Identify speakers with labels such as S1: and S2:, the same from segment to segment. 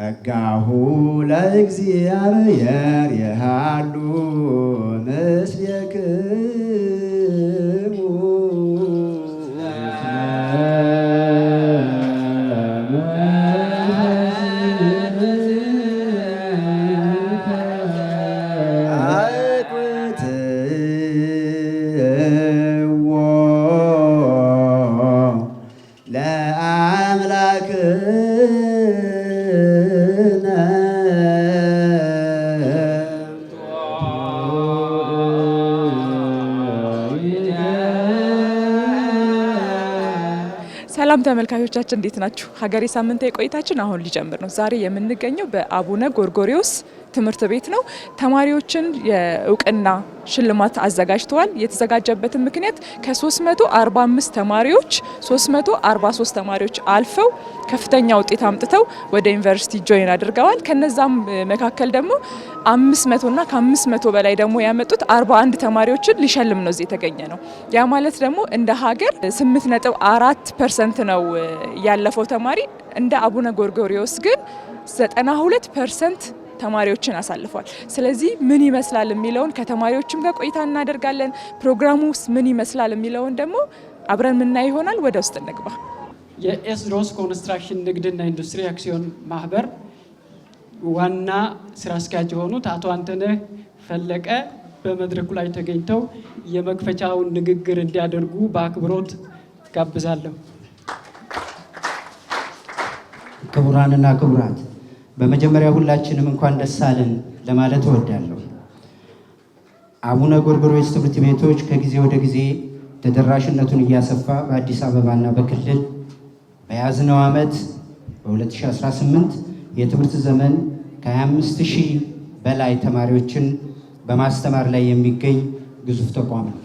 S1: ጸጋሁ ለእግዚአብሔር የሃሉ ምስሌክም
S2: ሰላም ተመልካቾቻችን እንዴት ናችሁ? ሀገሬ ሳምንታዊ ቆይታችን አሁን ሊጀምር ነው። ዛሬ የምንገኘው በአቡነ ጎርጎሪዎስ ትምህርት ቤት ነው። ተማሪዎችን የእውቅና ሽልማት አዘጋጅተዋል። የተዘጋጀበትን ምክንያት ከ345 ተማሪዎች 343 ተማሪዎች አልፈው ከፍተኛ ውጤት አምጥተው ወደ ዩኒቨርሲቲ ጆይን አድርገዋል። ከነዛም መካከል ደግሞ 500 እና ከ500 በላይ ደግሞ ያመጡት 41 ተማሪዎችን ሊሸልም ነው እዚህ የተገኘ ነው። ያ ማለት ደግሞ እንደ ሀገር 8.4 ፐርሰንት ነው ያለፈው ተማሪ እንደ አቡነ ጎርጎሪዎስ ግን 92 ፐርሰንት ተማሪዎችን አሳልፏል። ስለዚህ ምን ይመስላል የሚለውን ከተማሪዎችም ጋር ቆይታ እናደርጋለን። ፕሮግራሙ ውስጥ ምን ይመስላል የሚለውን ደግሞ አብረን ምና ይሆናል። ወደ ውስጥ
S3: እንግባ። የኤስድሮስ ኮንስትራክሽን ንግድና ኢንዱስትሪ አክሲዮን ማህበር ዋና ስራ አስኪያጅ የሆኑት አቶ አንተነህ ፈለቀ በመድረኩ ላይ ተገኝተው የመክፈቻውን ንግግር እንዲያደርጉ በአክብሮት ጋብዛለሁ።
S4: ክቡራንና ክቡራት በመጀመሪያ ሁላችንም እንኳን ደስ አለን ለማለት እወዳለሁ። አቡነ ጎርጎርዮስ ትምህርት ቤቶች ከጊዜ ወደ ጊዜ ተደራሽነቱን እያሰፋ በአዲስ አበባና በክልል በያዝነው ዓመት በ2018 የትምህርት ዘመን ከ25 ሺህ በላይ ተማሪዎችን በማስተማር ላይ የሚገኝ ግዙፍ ተቋም ነው።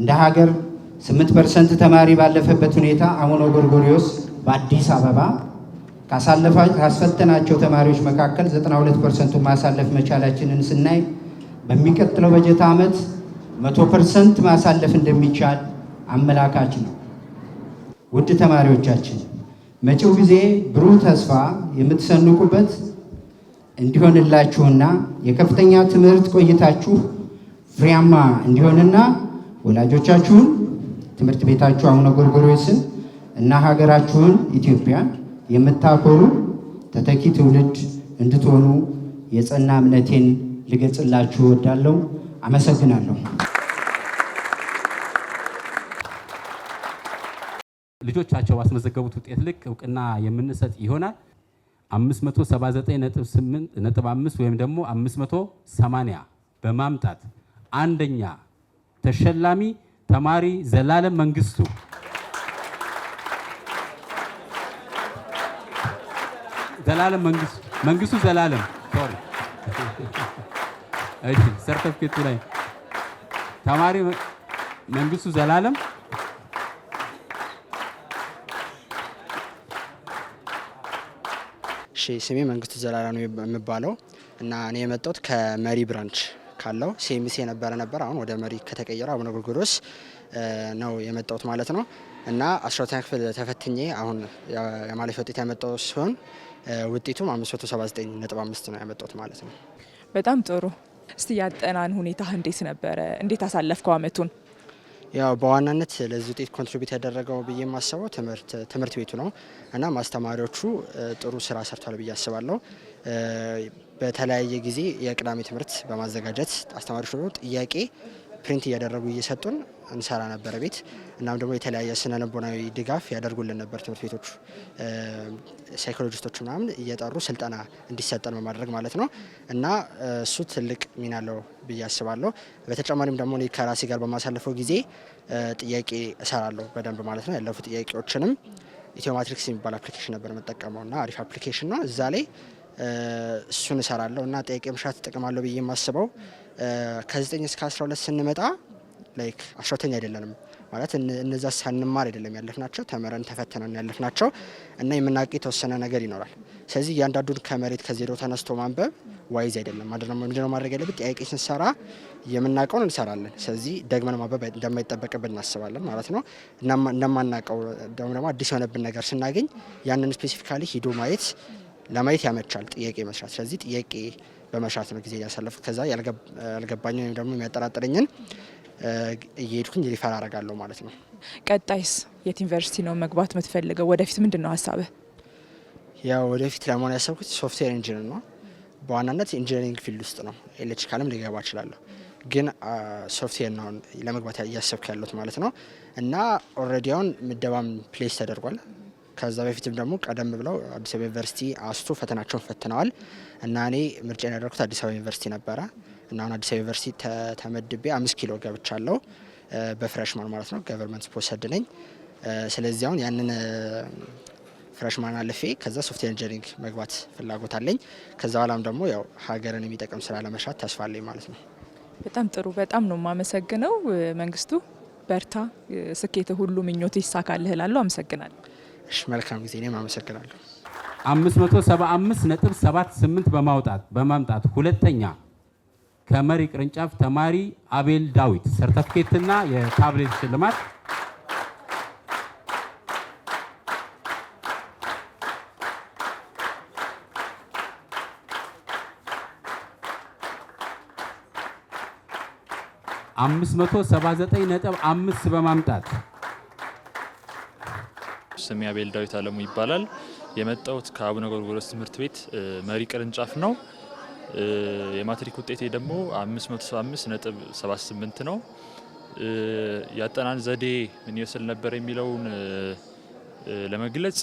S4: እንደ ሀገር 8 ፐርሰንት ተማሪ ባለፈበት ሁኔታ አቡነ ጎርጎርዮስ በአዲስ አበባ ካስፈተናቸው ተማሪዎች መካከል 92 ፐርሰንቱ ማሳለፍ መቻላችንን ስናይ በሚቀጥለው በጀት ዓመት 100 ፐርሰንት ማሳለፍ እንደሚቻል አመላካች ነው። ውድ ተማሪዎቻችን መጪው ጊዜ ብሩህ ተስፋ የምትሰንቁበት እንዲሆንላችሁና የከፍተኛ ትምህርት ቆይታችሁ ፍሬያማ እንዲሆንና ወላጆቻችሁን፣ ትምህርት ቤታችሁ አቡነ ጎርጎርዮስን እና ሀገራችሁን ኢትዮጵያን የምታኮሩ ተተኪ ትውልድ እንድትሆኑ የጸና እምነቴን ልገልጽላችሁ እወዳለሁ። አመሰግናለሁ።
S5: ልጆቻቸው ባስመዘገቡት ውጤት ልክ እውቅና የምንሰጥ ይሆናል። 579.5 ወይም ደግሞ 580 በማምጣት አንደኛ ተሸላሚ ተማሪ ዘላለም መንግስቱ ዘላለም መንግስቱ መንግስቱ ዘላለም ሶሪ፣ እሺ፣ ሰርተፍኬቱ ላይ ተማሪ መንግስቱ ዘላለም
S6: ስሜ መንግስቱ ዘላለም የሚባለው እና እኔ የመጣሁት ከመሪ ብራንች ካለው ሲኤምሲ የነበረ ነበር። አሁን ወደ መሪ ከተቀየረ አቡነ ጎርጎርዮስ ነው የመጣሁት ማለት ነው። እና አስራ ሁለተኛ ክፍል ተፈትኜ አሁን የማለፊያ ውጤት ሲሆን ውጤቱም 579.5 ነው ያመጣሁት
S2: ማለት ነው። በጣም ጥሩ። እስቲ ያጠናን ሁኔታ እንዴት ነበረ? እንዴት አሳለፍከው
S6: አመቱን? ያው በዋናነት ለዚህ ውጤት ኮንትሪቢዩት ያደረገው ብዬ የማስበው ትምህርት ቤቱ ነው እና ማስተማሪዎቹ ጥሩ ስራ ሰርቷል ብዬ አስባለሁ። በተለያየ ጊዜ የቅዳሜ ትምህርት በማዘጋጀት አስተማሪዎች ጥያቄ ፕሪንት እያደረጉ እየሰጡን እንሰራ ነበረ ቤት። እናም ደግሞ የተለያየ ስነ ልቦናዊ ድጋፍ ያደርጉልን ነበር ትምህርት ቤቶቹ ሳይኮሎጂስቶች ምናምን እየጠሩ ስልጠና እንዲሰጠን በማድረግ ማለት ነው። እና እሱ ትልቅ ሚና አለው ብዬ አስባለሁ። በተጨማሪም ደግሞ እኔ ከራሴ ጋር በማሳለፈው ጊዜ ጥያቄ እሰራለሁ በደንብ ማለት ነው። ያለፉ ጥያቄዎችንም ኢትዮ ማትሪክስ የሚባል አፕሊኬሽን ነበር የምጠቀመው እና አሪፍ አፕሊኬሽን ነው። እዛ ላይ እሱን እሰራለሁ እና ጥያቄ መሻት እጠቅማለሁ ብዬ የማስበው ከ9 እስከ 12 ስንመጣ ላይክ አስራተኛ አይደለንም ማለት እነዛ ሳንማር አይደለም ያለፍናቸው ተምረን ተፈተነን ያለፍናቸው እና የምናውቅ የተወሰነ ነገር ይኖራል። ስለዚህ እያንዳንዱን ከመሬት ከዜሮ ተነስቶ ማንበብ ዋይዝ አይደለም። ምንድነው ማድረግ ያለብን? ጥያቄ ስንሰራ የምናውቀውን እንሰራለን። ስለዚህ ደግመን ማንበብ እንደማይጠበቅብን እናስባለን ማለት ነው። እንደማናውቀው ደግሞ አዲስ የሆነብን ነገር ስናገኝ ያንን ስፔሲፊካሊ ሂዶ ማየት ለማየት ያመቻል ጥያቄ መስራት። ስለዚህ ጥያቄ በመሻት ነው ጊዜ ያሳለፉት። ከዛ ያልገባኝ ወይም ደግሞ የሚያጠራጥረኝን እየሄድኩኝ ሪፈር አረጋለሁ ማለት ነው።
S2: ቀጣይስ የት ዩኒቨርሲቲ ነው መግባት የምትፈልገው? ወደፊት ምንድን ነው ሀሳብህ?
S6: ያው ወደፊት ለመሆን ያሰብኩት ሶፍትዌር ኢንጂነር ነው። በዋናነት ኢንጂነሪንግ ፊልድ ውስጥ ነው። ኤሌክትሪካልም ሊገባ እችላለሁ፣ ግን ሶፍትዌር ነው ለመግባት እያሰብኩ ያለሁት ማለት ነው። እና ኦልሬዲ አሁን ምደባም ፕሌስ ተደርጓል። ከዛ በፊትም ደግሞ ቀደም ብለው አዲስ አበባ ዩኒቨርሲቲ አስቱ ፈተናቸውን ፈትነዋል እና እኔ ምርጫ ያደረኩት አዲስ አበባ ዩኒቨርሲቲ ነበረ እና አሁን አዲስ አበባ ዩኒቨርሲቲ ተመድቤ አምስት ኪሎ ገብቻለሁ በፍረሽማን ማለት ነው። ገቨርንመንት ስፖንሰርድ ነኝ። ስለዚህ አሁን ያንን ፍረሽማን አልፌ ከዛ ሶፍትዌር ኢንጂኒሪንግ መግባት ፍላጎት አለኝ። ከዛ በኋላም ደግሞ ያው ሀገርን የሚጠቅም ስራ ለመስራት ተስፋ አለኝ
S2: ማለት ነው። በጣም ጥሩ። በጣም ነው የማመሰግነው መንግስቱ። በርታ፣ ስኬት ሁሉ ምኞት ይሳካልህ እላለሁ።
S6: አመሰግናለሁ። እሺ መልካም ጊዜ። እኔም
S5: አመሰግናለሁ። 575.78 በማውጣት በማምጣት ሁለተኛ ከመሪ ቅርንጫፍ ተማሪ አቤል ዳዊት ሰርተፍኬትና የታብሌት ሽልማት አምስት መቶ ሰባ ዘጠኝ ነጥብ አምስት በማምጣት
S7: ስሜ አቤል ዳዊት አለሙ ይባላል። የመጣሁት ከአቡነ ጎርጎሮስ ትምህርት ቤት መሪ ቅርንጫፍ ነው። የማትሪክ ውጤቴ ደግሞ 575 ነጥብ 78 ነው። ያጠናን ዘዴ ምን ይመስል ነበር የሚለውን ለመግለጽ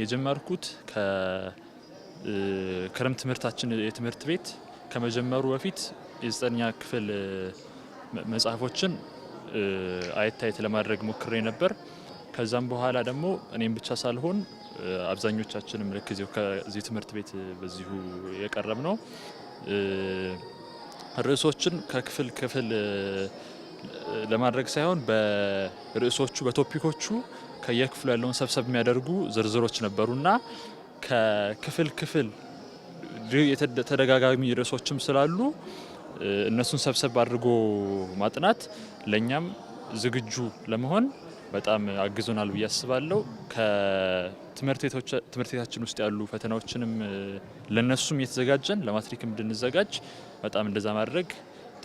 S7: የጀመርኩት ከክረምት ትምህርታችን የትምህርት ቤት ከመጀመሩ በፊት የዘጠነኛ ክፍል መጽሐፎችን አየት አየት ለማድረግ ሞክሬ ነበር። ከዛም በኋላ ደግሞ እኔም ብቻ ሳልሆን አብዛኞቻችንም ልክ ከዚህ ትምህርት ቤት በዚሁ የቀረብ ነው ርዕሶችን ከክፍል ክፍል ለማድረግ ሳይሆን በርዕሶቹ በቶፒኮቹ ከየክፍሉ ያለውን ሰብሰብ የሚያደርጉ ዝርዝሮች ነበሩና ከክፍል ክፍል ተደጋጋሚ ርዕሶችም ስላሉ እነሱን ሰብሰብ አድርጎ ማጥናት ለእኛም ዝግጁ ለመሆን በጣም አግዞናል ብዬ አስባለሁ። ከትምህርት ቤታችን ውስጥ ያሉ ፈተናዎችንም ለነሱም እየተዘጋጀን ለማትሪክም እንድንዘጋጅ በጣም እንደዛ ማድረግ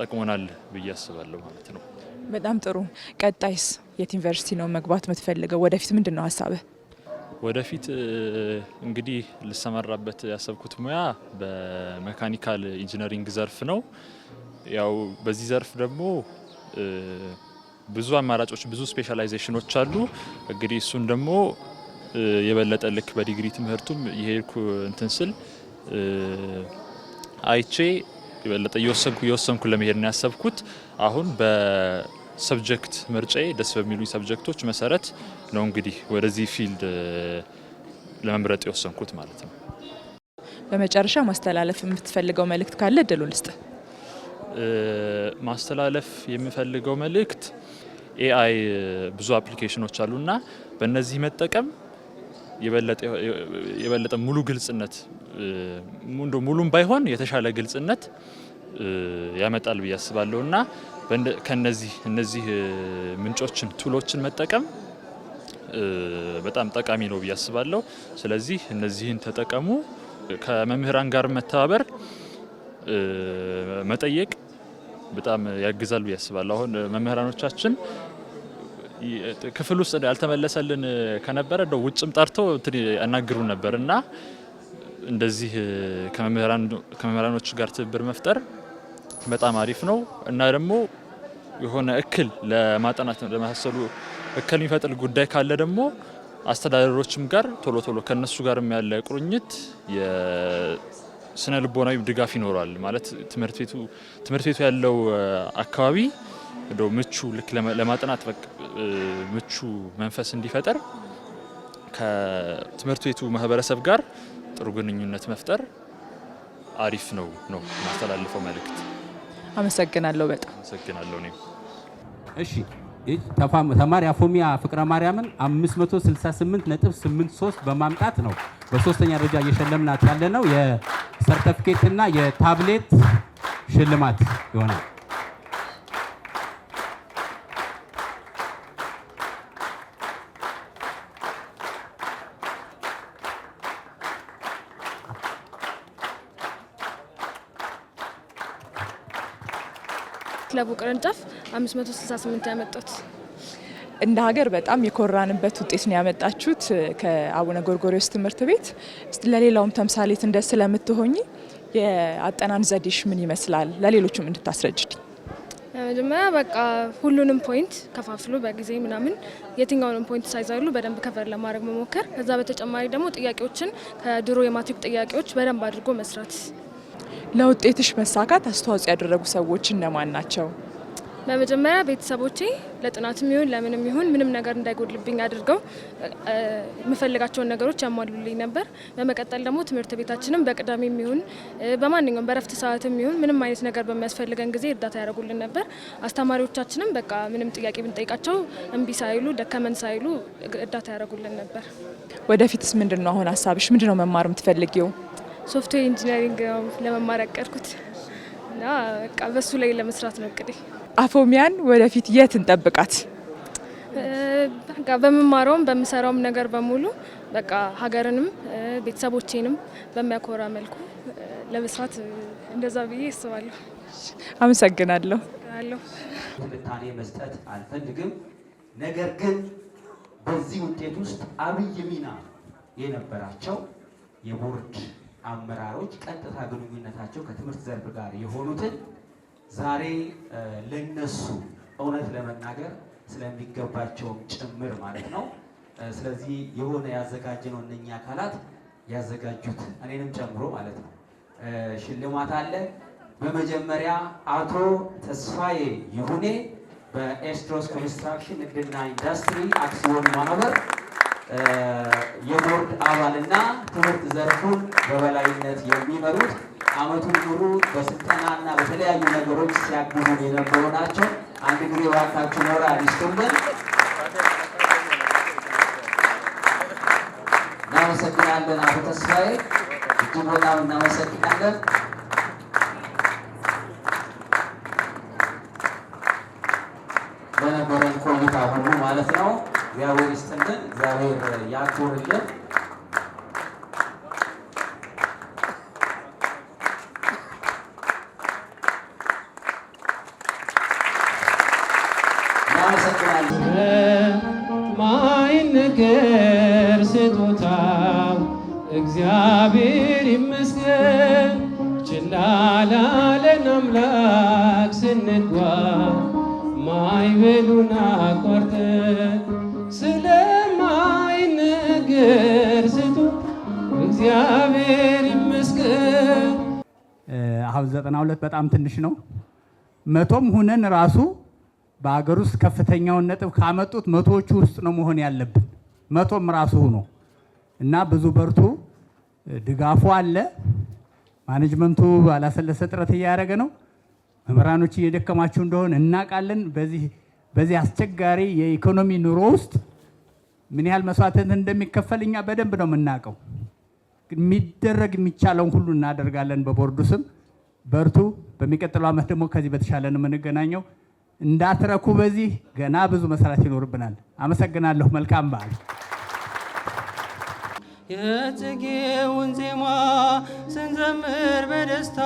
S7: ጠቅሞናል ብዬ አስባለሁ
S2: ማለት ነው። በጣም ጥሩ። ቀጣይስ የት ዩኒቨርሲቲ ነው መግባት የምትፈልገው? ወደፊት ምንድን ነው ሀሳብህ?
S7: ወደፊት እንግዲህ ልሰማራበት ያሰብኩት ሙያ በመካኒካል ኢንጂነሪንግ ዘርፍ ነው። ያው በዚህ ዘርፍ ደግሞ ብዙ አማራጮች፣ ብዙ ስፔሻላይዜሽኖች አሉ። እንግዲህ እሱን ደግሞ የበለጠ ልክ በዲግሪ ትምህርቱም የሄድኩ እንትን ስል አይቼ የበለጠ እየወሰንኩ እየወሰንኩ ለመሄድ ነው ያሰብኩት። አሁን በሰብጀክት ምርጫዬ ደስ በሚሉ ሰብጀክቶች መሰረት ነው እንግዲህ ወደዚህ ፊልድ ለመምረጥ የወሰንኩት ማለት ነው።
S2: በመጨረሻ ማስተላለፍ የምትፈልገው መልእክት ካለ እድሉ ልስጥ።
S7: ማስተላለፍ የምፈልገው መልእክት ኤአይ ብዙ አፕሊኬሽኖች አሉ እና በእነዚህ መጠቀም የበለጠ ሙሉ ግልጽነት ሙሉም ባይሆን የተሻለ ግልጽነት ያመጣል ብዬ አስባለሁ እና ከነዚህ እነዚህ ምንጮችን ቱሎችን መጠቀም በጣም ጠቃሚ ነው ብዬ አስባለሁ። ስለዚህ እነዚህን ተጠቀሙ። ከመምህራን ጋር መተባበር መጠየቅ በጣም ያግዛል ብዬ አስባለሁ። አሁን መምህራኖቻችን ክፍል ውስጥ ያልተመለሰልን ከነበረ እንደው ውጭም ጠርቶ ያናግሩ ነበር እና እንደዚህ ከመምህራኖች ጋር ትብብር መፍጠር በጣም አሪፍ ነው እና ደግሞ የሆነ እክል ለማጠናት ለመሳሰሉ እክል የሚፈጥር ጉዳይ ካለ ደግሞ አስተዳደሮችም ጋር ቶሎ ቶሎ ከነሱ ጋርም ያለ ቁርኝት የስነ ልቦናዊ ድጋፍ ይኖራል ማለት ትምህርት ቤቱ ያለው አካባቢ እንደ ምቹ ልክ ለማጥናት ምቹ መንፈስ እንዲፈጠር ከትምህርት ቤቱ ማህበረሰብ ጋር ጥሩ ግንኙነት መፍጠር አሪፍ ነው ነው የማስተላልፈው
S2: መልእክት። አመሰግናለሁ። በጣም
S5: አመሰግናለሁ። እኔም እሺ። ተማሪ አፎሚያ ፍቅረ ማርያምን 568.83 በማምጣት ነው በሶስተኛ ደረጃ እየሸለምናት ያለ ነው። እና የታብሌት ሽልማት ይሆናል።
S8: ክለቡ ቅርንጫፍ 568
S9: ያመጡት እንደ ሀገር በጣም የኮራንበት ውጤት ነው ያመጣችሁት። ከአቡነ ጎርጎሪዎስ ትምህርት ቤት ለሌላውም ተምሳሌት እንደ ስለምትሆኝ የአጠናን ዘዴሽ ምን ይመስላል ለሌሎችም
S8: እንድታስረጅድ። መጀመሪያ በቃ ሁሉንም ፖይንት ከፋፍሎ በጊዜ ምናምን የትኛውንም ፖይንት ሳይዛሉ በደንብ ከቨር ለማድረግ መሞከር። ከዛ በተጨማሪ ደግሞ ጥያቄዎችን ከድሮ የማትሪክ ጥያቄዎች በደንብ አድርጎ መስራት
S2: ለውጤትሽ መሳካት አስተዋጽኦ ያደረጉ ሰዎች እነማን ናቸው?
S8: በመጀመሪያ ቤተሰቦቼ ለጥናትም ይሁን ለምንም ይሁን ምንም ነገር እንዳይጎድልብኝ አድርገው የምፈልጋቸውን ነገሮች ያሟሉልኝ ነበር። በመቀጠል ደግሞ ትምህርት ቤታችንም በቅዳሜ የሚሆን በማንኛውም በረፍት ሰዓትም ይሁን ምንም አይነት ነገር በሚያስፈልገን ጊዜ እርዳታ ያደርጉልን ነበር። አስተማሪዎቻችንም በቃ ምንም ጥያቄ ብንጠይቃቸው እምቢ ሳይሉ ደከመን ሳይሉ እርዳታ ያደርጉልን
S2: ነበር። ወደፊትስ ምንድን ነው አሁን ሀሳብሽ ምንድን ነው? መማር
S8: የምትፈልጊው ሶፍትዌር ኢንጂነሪንግ ለመማር ያቀድኩት እና በቃ በሱ ላይ ለመስራት ነው እቅዴ።
S2: አፎሚያን ወደፊት የት
S8: እንጠብቃት? በቃ በምማረውም በምሰራውም ነገር በሙሉ በቃ ሀገርንም ቤተሰቦቼንም በሚያኮራ መልኩ ለመስራት እንደዛ ብዬ አስባለሁ። አመሰግናለሁ።
S10: ትንታኔ መስጠት አልፈልግም። ነገር ግን በዚህ ውጤት ውስጥ አብይ ሚና የነበራቸው የቦርድ አመራሮች ቀጥታ ግንኙነታቸው ከትምህርት ዘርፍ ጋር የሆኑትን ዛሬ ለነሱ እውነት ለመናገር ስለሚገባቸውም ጭምር ማለት ነው። ስለዚህ የሆነ ያዘጋጀነው እነኚህ አካላት ያዘጋጁት እኔንም ጨምሮ ማለት ነው ሽልማት አለ። በመጀመሪያ አቶ ተስፋዬ ይሁኔ በኤስትሮስ ኮንስትራክሽን ንግድና ኢንዱስትሪ አክሲዮን ማህበር የቦርድ አባልና ትምህርት ዘርፉን በበላይነት የሚመሩት አመቱን ሙሉ እና በተለያዩ ነገሮች ሲያግዙን የነበሩ ናቸው። አንድ ጊዜ ዋካችሁ ኖራ ሊስቱልን እናመሰግናለን። አቶ ተስፋዬ እጅግ በጣም እናመሰግናለን። ለነበረን ቆይታ ሁሉ ማለት ነው። እግዚአብሔር ይስጥልን። እግዚአብሔር ያክብርልን።
S5: አሁን ዘጠና ሁለት በጣም ትንሽ ነው። መቶም ሁነን ራሱ በሀገር ውስጥ ከፍተኛውን ነጥብ ካመጡት መቶዎቹ ውስጥ ነው መሆን ያለብን። መቶም ራሱ ሆኖ እና ብዙ በርቱ። ድጋፉ አለ። ማኔጅመንቱ ባላሰለሰ ጥረት እያደረገ ነው። መምህራኖች እየደከማችሁ እንደሆን እናውቃለን። በዚህ አስቸጋሪ የኢኮኖሚ ኑሮ ውስጥ ምን ያህል መስዋዕትነት እንደሚከፈል እኛ በደንብ ነው የምናውቀው። የሚደረግ የሚቻለውን ሁሉ እናደርጋለን። በቦርዱ ስም በርቱ። በሚቀጥለው ዓመት ደግሞ ከዚህ በተሻለ ነው የምንገናኘው። እንዳትረኩ። በዚህ ገና ብዙ መሰራት ይኖርብናል። አመሰግናለሁ። መልካም በዓል።
S11: የጽጌውን ዜማ ስንዘምር በደስታ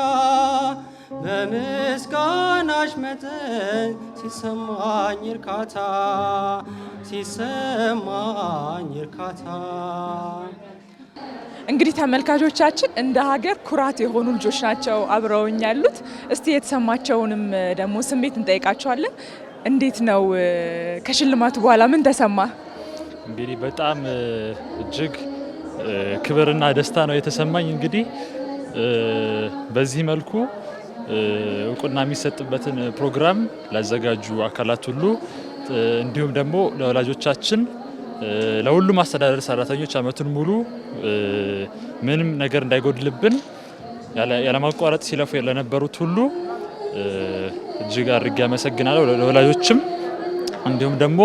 S11: በምስጋናሽ መጠን ሲሰማኝ እርካታ ሲሰማኝ እርካታ
S2: እንግዲህ ተመልካቾቻችን እንደ ሀገር ኩራት የሆኑ ልጆች ናቸው አብረውኝ ያሉት። እስቲ የተሰማቸውንም ደግሞ ስሜት እንጠይቃቸዋለን። እንዴት ነው ከሽልማቱ በኋላ ምን ተሰማ?
S7: እንግዲህ በጣም እጅግ ክብርና ደስታ ነው የተሰማኝ። እንግዲህ በዚህ መልኩ እውቅና የሚሰጥበትን ፕሮግራም ላዘጋጁ አካላት ሁሉ እንዲሁም ደግሞ ለወላጆቻችን ለሁሉም አስተዳደር ሰራተኞች አመቱን ሙሉ ምንም ነገር እንዳይጎድልብን ያለማቋረጥ ሲለፉ ለነበሩት ሁሉ እጅግ አድርጌ አመሰግናለሁ። ለወላጆችም እንዲሁም ደግሞ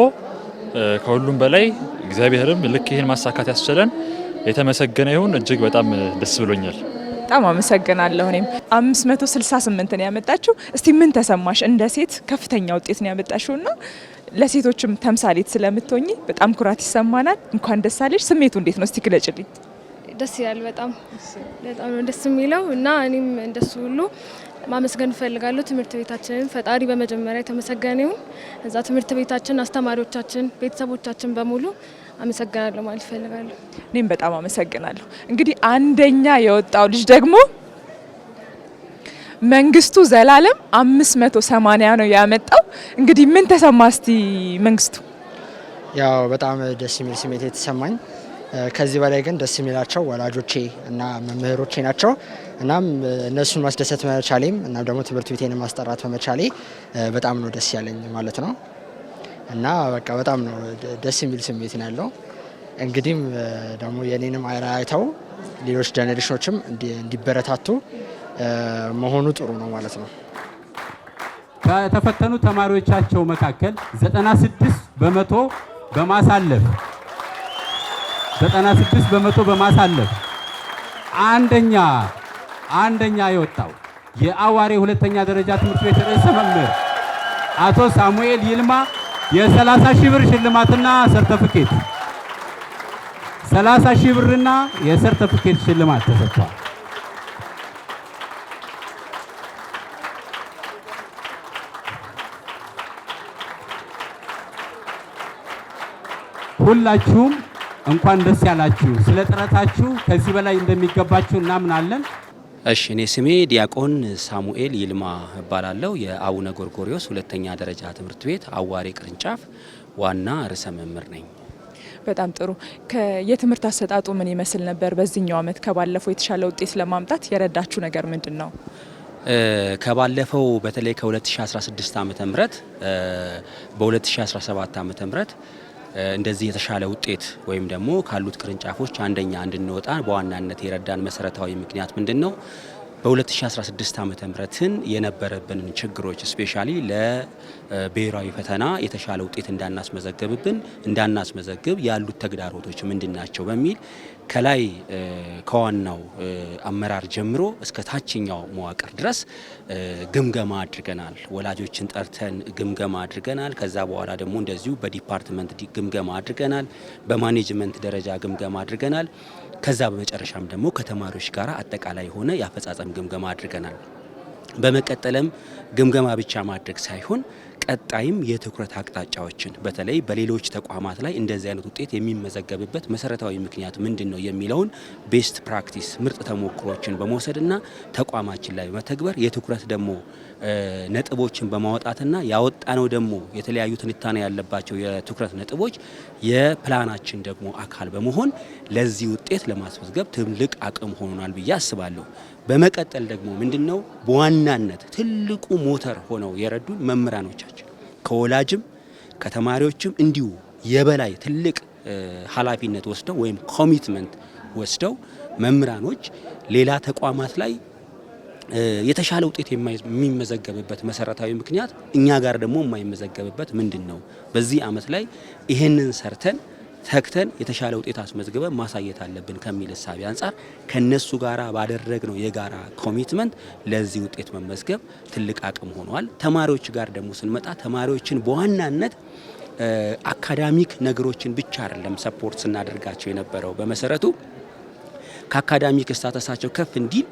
S7: ከሁሉም በላይ እግዚአብሔርም ልክ ይህን ማሳካት ያስችለን የተመሰገነ ይሁን። እጅግ በጣም
S2: ደስ ብሎኛል። በጣም አመሰግናለሁ። እኔም 568 ነው ያመጣችው። እስቲ ምን ተሰማሽ? እንደ ሴት ከፍተኛ ውጤት ነው ያመጣሽው እና ለሴቶችም ተምሳሌት ስለምትሆኝ በጣም ኩራት ይሰማናል። እንኳን ደስ አለሽ። ስሜቱ እንዴት ነው? እስቲ
S8: ግለጭልኝ። ደስ ይላል። በጣም በጣም ነው ደስ የሚለው እና እኔም እንደሱ ሁሉ ማመስገን እፈልጋለሁ ትምህርት ቤታችንን። ፈጣሪ በመጀመሪያ የተመሰገነ ይሁን። እዛ ትምህርት ቤታችን፣ አስተማሪዎቻችን፣ ቤተሰቦቻችን በሙሉ አመሰግናለሁ ማለት
S2: ፈልጋለሁ እኔም በጣም አመሰግናለሁ። እንግዲህ አንደኛ የወጣው ልጅ ደግሞ መንግስቱ ዘላለም 580 ነው ያመጣው። እንግዲህ ምን ተሰማ እስቲ መንግስቱ?
S6: ያው በጣም ደስ የሚል ስሜት የተሰማኝ ከዚህ በላይ ግን ደስ የሚላቸው ወላጆቼ እና መምህሮቼ ናቸው። እናም እነሱን ማስደሰት በመቻሌም እናም ደግሞ ትምህርት ቤቴን ማስጠራት በመቻሌ በጣም ነው ደስ ያለኝ ማለት ነው። እና በቃ በጣም ነው ደስ የሚል ስሜት ነው ያለው። እንግዲህም ደግሞ የኔንም አይራ አይተው ሌሎች ጀኔሬሽኖችም እንዲበረታቱ መሆኑ ጥሩ ነው ማለት ነው።
S5: ከተፈተኑ ተማሪዎቻቸው መካከል 96 በመቶ በማሳለፍ 96 በመቶ በማሳለፍ አንደኛ አንደኛ የወጣው የአዋሬ ሁለተኛ ደረጃ ትምህርት ቤት ርዕሰ መምህር አቶ ሳሙኤል ይልማ የሰላሳ ሺህ ብር ሽልማትና ሰርተፍኬት ሰላሳ ሺህ ብርና የሰርተፍኬት ሽልማት ተሰጥቷል። ሁላችሁም እንኳን ደስ ያላችሁ። ስለ ጥረታችሁ ከዚህ በላይ እንደሚገባችሁ እናምናለን።
S12: እሺ እኔ ስሜ ዲያቆን ሳሙኤል ይልማ እባላለሁ። የአቡነ ጎርጎሪዮስ ሁለተኛ ደረጃ ትምህርት ቤት አዋሬ ቅርንጫፍ ዋና ርዕሰ መምህር
S2: ነኝ። በጣም ጥሩ። የትምህርት አሰጣጡ ምን ይመስል ነበር? በዚህኛው ዓመት ከባለፈው የተሻለ ውጤት ለማምጣት የረዳችሁ ነገር
S12: ምንድን ነው? ከባለፈው በተለይ ከ2016 ዓ ም በ2017 ዓ ም እንደዚህ የተሻለ ውጤት ወይም ደግሞ ካሉት ቅርንጫፎች አንደኛ እንድንወጣ በዋናነት የረዳን መሰረታዊ ምክንያት ምንድን ነው? በ2016 ዓ ምትን የነበረብንን ችግሮች ስፔሻሊ ለብሔራዊ ፈተና የተሻለ ውጤት እንዳናስመዘገብብን እንዳናስመዘግብ ያሉት ተግዳሮቶች ምንድን ናቸው በሚል ከላይ ከዋናው አመራር ጀምሮ እስከ ታችኛው መዋቅር ድረስ ግምገማ አድርገናል። ወላጆችን ጠርተን ግምገማ አድርገናል። ከዛ በኋላ ደግሞ እንደዚሁ በዲፓርትመንት ግምገማ አድርገናል። በማኔጅመንት ደረጃ ግምገማ አድርገናል። ከዛ በመጨረሻም ደግሞ ከተማሪዎች ጋር አጠቃላይ የሆነ የአፈጻጸም ግምገማ አድርገናል። በመቀጠልም ግምገማ ብቻ ማድረግ ሳይሆን ቀጣይም የትኩረት አቅጣጫዎችን በተለይ በሌሎች ተቋማት ላይ እንደዚህ አይነት ውጤት የሚመዘገብበት መሰረታዊ ምክንያት ምንድን ነው የሚለውን ቤስት ፕራክቲስ ምርጥ ተሞክሮችን በመውሰድና ተቋማችን ላይ በመተግበር የትኩረት ደግሞ ነጥቦችን በማውጣትና ነው ደግሞ የተለያዩ ትንታኔ ያለባቸው የትኩረት ነጥቦች የፕላናችን ደግሞ አካል በመሆን ለዚህ ውጤት ለማስመዝገብ ትልቅ አቅም ሆኗል ብዬ አስባለሁ። በመቀጠል ደግሞ ምንድን ነው በዋናነት ትልቁ ሞተር ሆነው የረዱን መምህራኖቻችን ከወላጅም ከተማሪዎችም እንዲሁ የበላይ ትልቅ ኃላፊነት ወስደው ወይም ኮሚትመንት ወስደው መምህራኖች ሌላ ተቋማት ላይ የተሻለ ውጤት የሚመዘገብበት መሰረታዊ ምክንያት እኛ ጋር ደግሞ የማይመዘገብበት ምንድን ነው? በዚህ አመት ላይ ይህንን ሰርተን ተክተን የተሻለ ውጤት አስመዝግበን ማሳየት አለብን ከሚል እሳቤ አንጻር ከነሱ ጋር ባደረግነው የጋራ ኮሚትመንት ለዚህ ውጤት መመዝገብ ትልቅ አቅም ሆኗል። ተማሪዎች ጋር ደግሞ ስንመጣ ተማሪዎችን በዋናነት አካዳሚክ ነገሮችን ብቻ አይደለም ሰፖርት ስናደርጋቸው የነበረው በመሰረቱ ከአካዳሚክ ስታተሳቸው ከፍ እንዲል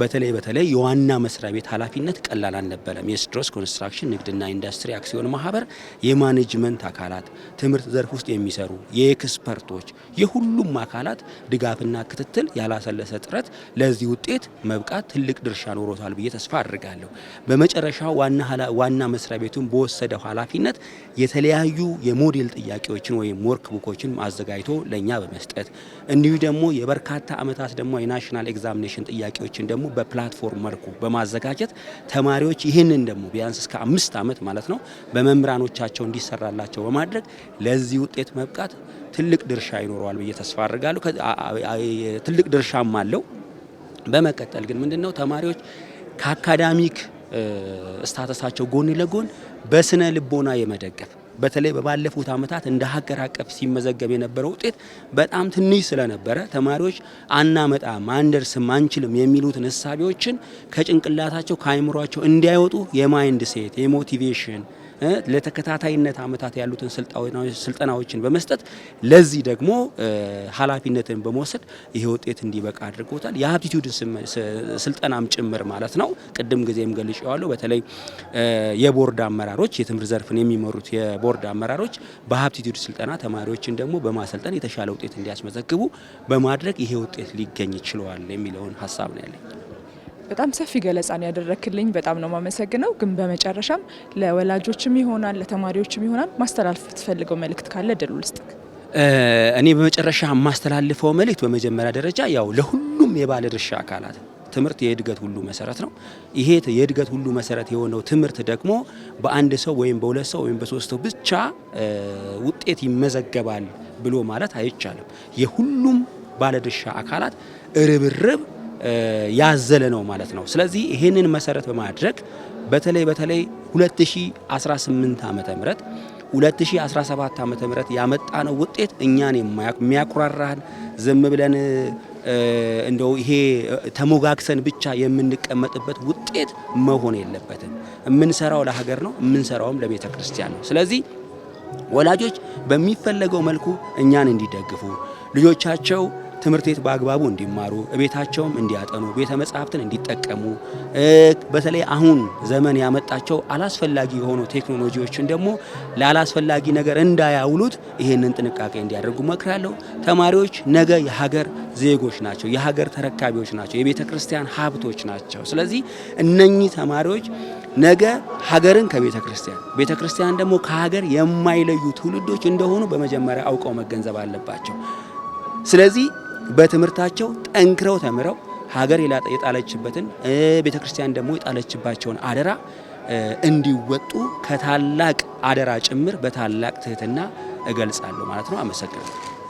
S12: በተለይ በተለይ የዋና መስሪያ ቤት ኃላፊነት ቀላል አልነበረም። የስድሮስ ኮንስትራክሽን ንግድና ኢንዱስትሪ አክሲዮን ማህበር የማኔጅመንት አካላት፣ ትምህርት ዘርፍ ውስጥ የሚሰሩ የኤክስፐርቶች፣ የሁሉም አካላት ድጋፍና ክትትል ያላሰለሰ ጥረት ለዚህ ውጤት መብቃት ትልቅ ድርሻ ኖሮታል ብዬ ተስፋ አድርጋለሁ። በመጨረሻ ዋና መስሪያ ቤቱን በወሰደው ኃላፊነት የተለያዩ የሞዴል ጥያቄዎችን ወይም ወርክ ቡኮችን አዘጋጅቶ ለእኛ በመስጠት እንዲሁ ደግሞ የበርካታ ዓመታት ደግሞ የናሽናል ኤግዛሚኔሽን ጥያቄዎችን ደግሞ በፕላትፎርም መልኩ በማዘጋጀት ተማሪዎች ይህንን ደግሞ ቢያንስ እስከ አምስት ዓመት ማለት ነው በመምህራኖቻቸው እንዲሰራላቸው በማድረግ ለዚህ ውጤት መብቃት ትልቅ ድርሻ ይኖረዋል ብዬ ተስፋ አድርጋለሁ። ትልቅ ድርሻም አለው። በመቀጠል ግን ምንድነው ተማሪዎች ከአካዳሚክ ስታተሳቸው ጎን ለጎን በስነ ልቦና የመደገፍ በተለይ በባለፉት ዓመታት እንደ ሀገር አቀፍ ሲመዘገብ የነበረው ውጤት በጣም ትንሽ ስለነበረ ተማሪዎች አናመጣም፣ አንደርስም፣ አንችልም የሚሉትን እሳቤዎችን ከጭንቅላታቸው ከአይምሯቸው እንዲያይወጡ የማይንድ ሴት የሞቲቬሽን ለተከታታይነት ዓመታት ያሉትን ስልጠናዎችን በመስጠት ለዚህ ደግሞ ኃላፊነትን በመውሰድ ይሄ ውጤት እንዲበቃ አድርጎታል። የሀብቲቱድ ስልጠናም ጭምር ማለት ነው። ቅድም ጊዜም ገልጬዋለሁ። በተለይ የቦርድ አመራሮች የትምህርት ዘርፍን የሚመሩት የቦርድ አመራሮች በሀብቲቱድ ስልጠና ተማሪዎችን ደግሞ በማሰልጠን የተሻለ ውጤት እንዲያስመዘግቡ በማድረግ ይሄ ውጤት ሊገኝ ችለዋል የሚለውን ሀሳብ ነው ያለኝ።
S2: በጣም ሰፊ ገለጻን ያደረክልኝ በጣም ነው ማመሰግነው። ግን በመጨረሻም ለወላጆችም ይሆናል ለተማሪዎችም ይሆናል ማስተላለፍ ትፈልገው መልእክት ካለ እድሉ ልስጥክ።
S12: እኔ በመጨረሻ የማስተላልፈው መልእክት በመጀመሪያ ደረጃ ያው ለሁሉም የባለድርሻ አካላት ትምህርት የእድገት ሁሉ መሰረት ነው። ይሄ የእድገት ሁሉ መሰረት የሆነው ትምህርት ደግሞ በአንድ ሰው ወይም በሁለት ሰው ወይም በሶስት ሰው ብቻ ውጤት ይመዘገባል ብሎ ማለት አይቻልም። የሁሉም ባለድርሻ አካላት ርብርብ ያዘለ ነው ማለት ነው። ስለዚህ ይህንን መሰረት በማድረግ በተለይ በተለይ 2018 ዓ.ም ምህረት 2017 ዓመተ ምህረት ያመጣነው ውጤት እኛን የሚያኩራራን ዝም ብለን እንደው ይሄ ተሞጋግሰን ብቻ የምንቀመጥበት ውጤት መሆን የለበትም። የምንሰራው ለሀገር ነው፣ የምንሰራውም ለቤተ ክርስቲያን ነው። ስለዚህ ወላጆች በሚፈለገው መልኩ እኛን እንዲደግፉ ልጆቻቸው ትምህርት ቤት በአግባቡ እንዲማሩ ቤታቸውም እንዲያጠኑ ቤተ መጻሕፍትን እንዲጠቀሙ በተለይ አሁን ዘመን ያመጣቸው አላስፈላጊ የሆኑ ቴክኖሎጂዎችን ደግሞ ላላስፈላጊ ነገር እንዳያውሉት ይህንን ጥንቃቄ እንዲያደርጉ መክራለሁ። ተማሪዎች ነገ የሀገር ዜጎች ናቸው፣ የሀገር ተረካቢዎች ናቸው፣ የቤተ ክርስቲያን ሀብቶች ናቸው። ስለዚህ እነኚህ ተማሪዎች ነገ ሀገርን ከቤተ ክርስቲያን ቤተ ክርስቲያን ደግሞ ከሀገር የማይለዩ ትውልዶች እንደሆኑ በመጀመሪያ አውቀው መገንዘብ አለባቸው። ስለዚህ በትምህርታቸው ጠንክረው ተምረው ሀገር የጣለችበትን ቤተ ክርስቲያን ደግሞ የጣለችባቸውን አደራ እንዲወጡ ከታላቅ አደራ ጭምር በታላቅ ትህትና እገልጻለሁ ማለት ነው። አመሰግናለሁ።